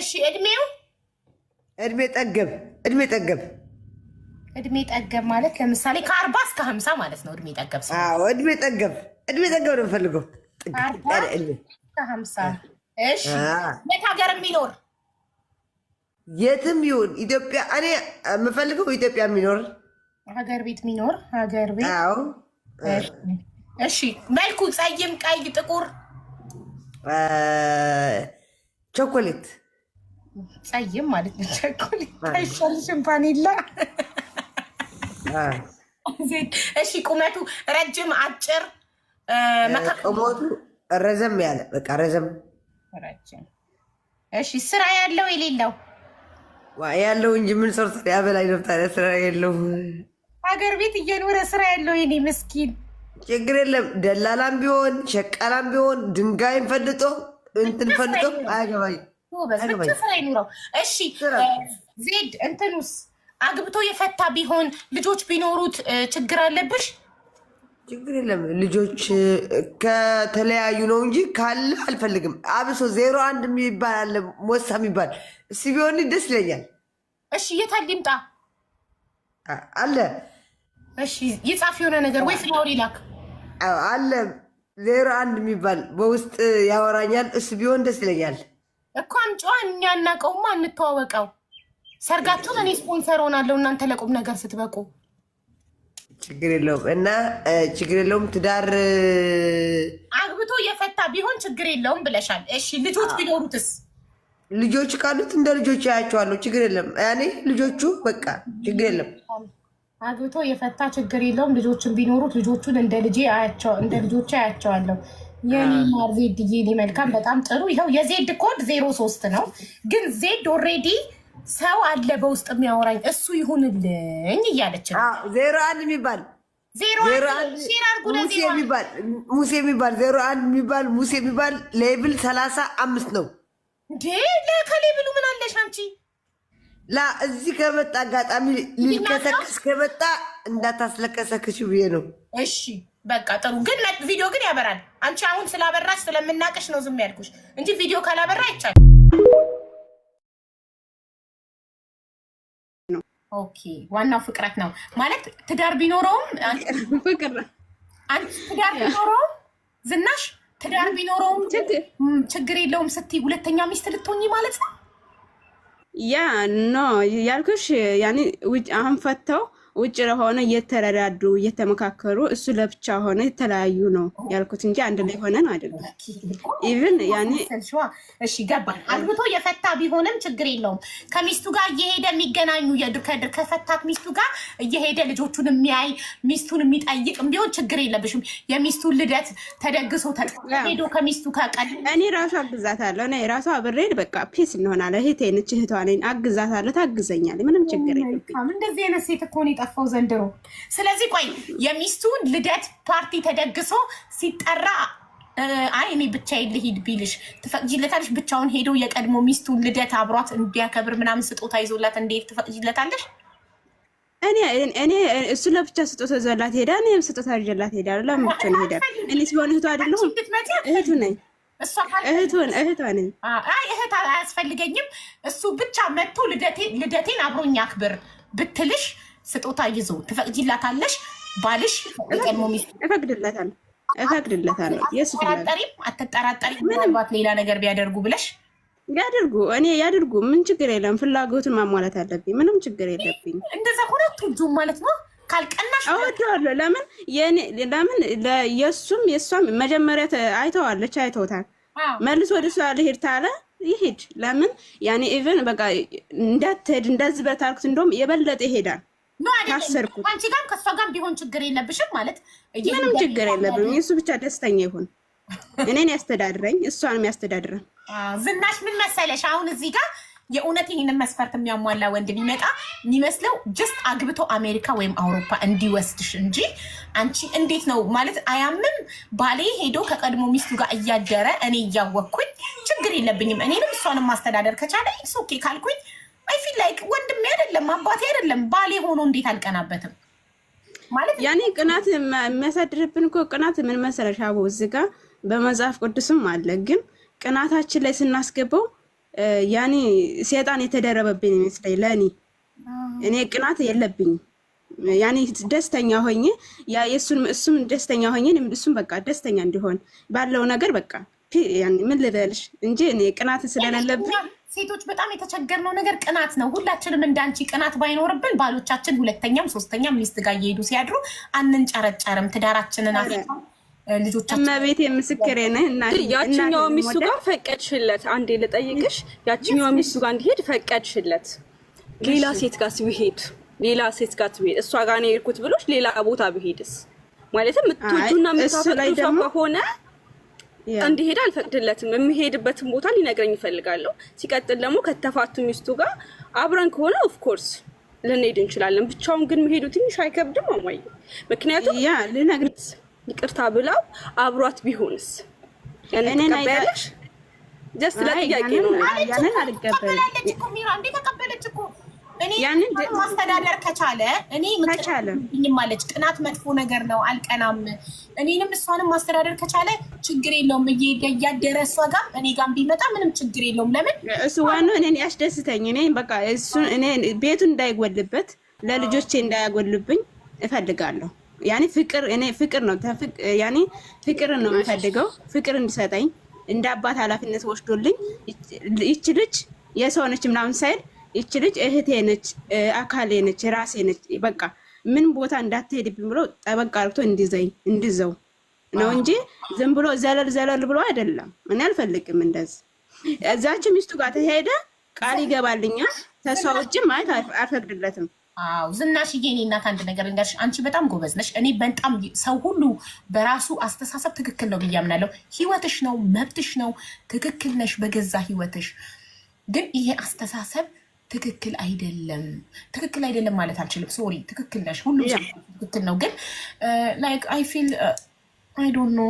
እሺ እድሜው እድሜ ጠገብ እድሜ ጠገብ እድሜ ጠገብ ማለት ለምሳሌ ከአርባ እስከ ሀምሳ ማለት ነው። እድሜ ጠገብ እድሜ ጠገብ እድሜ ጠገብ ነው የምፈልገው ሀምሳ እሺ የት ሀገር የሚኖር የትም ይሁን ኢትዮጵያ፣ እኔ የምፈልገው ኢትዮጵያ የሚኖር ሀገር ቤት የሚኖር ሀገር ቤት። አዎ እሺ። መልኩ ጸይም፣ ቀይ፣ ጥቁር፣ ቾኮሌት ጸይም ማለት ብቻ አይሻልሽም? ፓኔላ እሺ። ቁመቱ ረጅም፣ አጭር፣ ቁመቱ ረዘም ያለ በቃ ረዘም ረጅም። እሺ። ስራ ያለው የሌለው ያለው እንጂ ምን ሰርቶ ያበላኝ ነው ታዲያ? ስራ የለው ሀገር ቤት እየኖረ ስራ ያለው የኔ ምስኪን። ችግር የለም ደላላም ቢሆን ሸቀላም ቢሆን ድንጋይም ፈልጦ እንትን ፈልጦ አያገባኝ ብቻ ስራ ይኑረው። እሺ ዜድ እንትኑስ አግብቶ የፈታ ቢሆን ልጆች ቢኖሩት ችግር አለብሽ? ችግር የለም። ልጆች ከተለያዩ ነው እንጂ ካለ አልፈልግም። አብሶ ዜሮ አንድ የሚባል አለ ሞሳ የሚባል እሱ ቢሆን ደስ ይለኛል። እሺ የት ሊምጣ አለ? እሺ የጻፍ የሆነ ነገር ወይ ፍላወር ይላክ አለ። ዜሮ አንድ የሚባል በውስጥ ያወራኛል። እሱ ቢሆን ደስ ይለኛል። እኮ አምጪዋ። እኛ እናውቀውማ እንተዋወቀው። ሰርጋችሁን እኔ ስፖንሰር ሆናለሁ እናንተ ለቁም ነገር ስትበቁ። ችግር የለውም እና ችግር የለውም ትዳር አግብቶ እየፈታ ቢሆን ችግር የለውም ብለሻል። እሺ ልጆች ቢኖሩትስ? ልጆች ካሉት እንደ ልጆች ያያቸዋለሁ። ችግር የለም ያኔ ልጆቹ በቃ ችግር የለም። አግብቶ የፈታ ችግር የለውም። ልጆችን ቢኖሩት ልጆቹን እንደ ልጄ እንደ ልጆች ያያቸዋለሁ የኔማር ዜድ የኔ መልካም በጣም ጥሩ ይኸው የዜድ ኮድ ዜሮ ሶስት ነው። ግን ዜድ ኦልሬዲ ሰው አለ በውስጥ የሚያወራኝ እሱ ይሁንልኝ እያለች ነው። ዜሮ አንድ የሚባል ሙሴ የሚባል ዜሮ አንድ የሚባል ሙሴ የሚባል ሌብል ሰላሳ አምስት ነው ከሌብሉ ምን አለሽ አንቺ ላ እዚህ ከመጣ አጋጣሚ ሊልከሰክስ ከመጣ እንዳታስለቀሰክሽ ብዬ ነው። እሺ በቃ ጥሩ ግን ቪዲዮ ግን ያበራል። አንቺ አሁን ስላበራሽ ስለምናቀሽ ነው ዝም ያልኩሽ እንጂ ቪዲዮ ካላበራ አይቻልም። ኦኬ ዋናው ፍቅረት ነው ማለት ትዳር ቢኖረውም ትዳር ቢኖረውም ዝናሽ ትዳር ቢኖረውም ችግር የለውም ስትይ ሁለተኛ ሚስት ልትሆኚ ማለት ነው ያ ኖ ያልኩሽ ያኔ አሁን ፈተው ውጭ ለሆነ እየተረዳዱ እየተመካከሩ እሱ ለብቻ ሆነ የተለያዩ ነው ያልኩት እንጂ አንድ ላይ ሆነን አይደለም። ኢቭን ያኔ እሺ ገባል አግብቶ የፈታ ቢሆንም ችግር የለውም። ከሚስቱ ጋር እየሄደ የሚገናኙ የድርከድር ከፈታት ሚስቱ ጋር እየሄደ ልጆቹን የሚያይ ሚስቱን የሚጠይቅ ቢሆን ችግር የለብሽም። የሚስቱን ልደት ተደግሶ ሄዶ ከሚስቱ ከቀል እኔ ራሱ አግዛታለሁ። እኔ ራሱ አብሬድ በቃ ፒስ እንሆናለን። እህቴ ነች፣ እህቷ ነኝ። አግዛታለሁ፣ ታግዘኛለች። ምንም ችግር የለም። እንደዚህ አይነት ሴት እኮ ነው የተጠፋው ዘንድሮ። ስለዚህ ቆይ የሚስቱን ልደት ፓርቲ ተደግሶ ሲጠራ አይ እኔ ብቻዬን ልሂድ ቢልሽ ትፈቅጂለታለሽ? ብቻውን ሄዶ የቀድሞ ሚስቱን ልደት አብሯት እንዲያከብር ምናምን ስጦታ ይዞላት እንዴት ትፈቅጂለታለሽ? እኔ እሱን ለብቻ ስጦታ ይዞላት ሄዳ፣ እኔም ስጦታ ይዤላት ሄዳ። ለምችን ሄዳ እኔ ሲሆን እህቷ አይደለሁም እህቱ ነኝ እህቱን እህቷ ነኝ። አይ እህት አያስፈልገኝም እሱ ብቻ መጥቶ ልደቴን አብሮኝ አክብር ብትልሽ ስጦታ ይዞ ትፈቅጂላታለሽ? ባልሽ ቀድሞ እፈቅድለታለሁ እፈቅድለታለሁ። ጠራጠሪም አትጠራጠሪም? ምናልባት ሌላ ነገር ቢያደርጉ ብለሽ ያደርጉ እኔ ያደርጉ፣ ምን ችግር የለም። ፍላጎትን ማሟላት አለብኝ፣ ምንም ችግር የለብኝ። እንደዛ ሁለቱ እጁ ማለት ነው ካልቀናሽ እወደዋለሁ። ለምን ለምን የእሱም የእሷም መጀመሪያ አይተዋለች፣ አይተውታል። መልሶ ወደ እሷ ልሄድ ታለ ይሄድ። ለምን ያኔ ኢቨን በቃ እንዳትሄድ እንዳዝበት አልኩት። እንደውም የበለጠ ይሄዳል ታሰርኩት። አንቺ ጋርም ከእሷ ጋርም ቢሆን ችግር የለብሽም ማለት ምንም ችግር የለብኝ። እሱ ብቻ ደስተኛ ይሁን። እኔን ያስተዳድረኝ፣ እሷንም ያስተዳድረን። ዝናሽ ምን መሰለሽ፣ አሁን እዚህ ጋር የእውነት ይህንን መስፈርት የሚያሟላ ወንድ ቢመጣ የሚመስለው ጀስት አግብቶ አሜሪካ ወይም አውሮፓ እንዲወስድሽ እንጂ አንቺ እንዴት ነው ማለት አያምም። ባሌ ሄዶ ከቀድሞ ሚስቱ ጋር እያደረ እኔ እያወቅኩኝ ችግር የለብኝም እኔንም እሷንም ማስተዳደር ከቻለ ኦኬ ካልኩኝ አይ ፊል ላይክ ወንድሜ አይደለም አባቴ አይደለም ባሌ ሆኖ እንዴት አልቀናበትም? ማለት ያኔ ቅናት የሚያሳድርብን እኮ ቅናት ምን መሰለሽ አቦ እዚህ ጋ በመጽሐፍ ቅዱስም አለ። ግን ቅናታችን ላይ ስናስገባው ያኔ ሴጣን የተደረበብን ይመስለኝ። ለእኔ እኔ ቅናት የለብኝ ያኔ ደስተኛ ሆኜ የእሱን እሱም ደስተኛ ሆኜ እሱም በቃ ደስተኛ እንዲሆን ባለው ነገር በቃ ምን ልበልሽ እንጂ እኔ ቅናት ስለሌለብኝ ሴቶች በጣም የተቸገርነው ነገር ቅናት ነው። ሁላችንም እንዳንቺ ቅናት ባይኖርብን ባሎቻችን ሁለተኛም ሶስተኛም ሚስት ጋር እየሄዱ ሲያድሩ አንንጨረጨርም። ትዳራችንን አፍ ልጆቻችን እመቤቴ ምስክሬ ነህ። ያችኛዋ ሚስቱ ጋር ፈቀድሽለት? አንዴ ልጠይቅሽ። ያችኛው ሚስቱ ጋር እንዲሄድ ፈቀድሽለት? ሌላ ሴት ጋር ሲሄድ ሌላ ሴት ጋር ትሄድ እሷ ጋር ነው የሄድኩት ብሎች ሌላ ቦታ ብሄድስ ማለትም የምትወዱና የምታፈቅዱ ከሆነ እንዲሄድ አልፈቅድለትም። የሚሄድበትን ቦታ ሊነግረኝ ይፈልጋለሁ። ሲቀጥል ደግሞ ከተፋቱ ሚስቱ ጋር አብረን ከሆነ ኦፍኮርስ ልንሄድ እንችላለን። ብቻውን ግን መሄዱ ትንሽ አይከብድም? አሟየ ምክንያቱም ያ ልነግርት ይቅርታ ብላው አብሯት ቢሆንስ ያንን ተቀበያለሽ? ጀስት ለጥያቄ ነው። ያንን አልቀበል ሚራ እንዴ ተቀበለች እኮ ያንን ማስተዳደር ከቻለ እኔ ማለች ቅናት መጥፎ ነገር ነው፣ አልቀናም። እኔንም እሷንም ማስተዳደር ከቻለ ችግር የለውም። እያደረ እሷ ጋር እኔ ጋር ቢመጣ ምንም ችግር የለውም። ለምን እሱ ዋኑ እኔን ያስደስተኝ። እኔ በቃ እኔ ቤቱ እንዳይጎልበት ለልጆቼ እንዳያጎልብኝ እፈልጋለሁ። ያኔ ፍቅር እኔ ፍቅር ነው ያኔ ፍቅርን ነው የምፈልገው። ፍቅር እንዲሰጠኝ እንደ አባት ኃላፊነት ወስዶልኝ ይች ልጅ የሰው ነች ምናምን ሳይል ይች ልጅ እህቴ ነች፣ አካሌ ነች፣ ራሴ ነች። በቃ ምን ቦታ እንዳትሄድብኝ ብሎ ጠበቃ አርግቶ እንዲዘኝ እንዲዘው ነው እንጂ ዝም ብሎ ዘለል ዘለል ብሎ አይደለም። እኔ አልፈልግም እንደዚ። እዛች ሚስቱ ጋር ተሄደ ቃል ይገባልኛል። ተሰዎችም ማለት አልፈቅድለትም። አዎ ዝናሽዬ፣ እኔ እናት አንድ ነገር ልንገርሽ፣ አንቺ በጣም ጎበዝ ነሽ። እኔ በጣም ሰው ሁሉ በራሱ አስተሳሰብ ትክክል ነው ብዬ አምናለሁ። ህይወትሽ ነው፣ መብትሽ ነው፣ ትክክል ነሽ በገዛ ህይወትሽ። ግን ይሄ አስተሳሰብ ትክክል አይደለም። ትክክል አይደለም ማለት አልችልም። ሶሪ ትክክል ነሽ፣ ሁሉም ትክክል ነው። ግን ላይክ አይ ፊል አይ ዶንት ኖ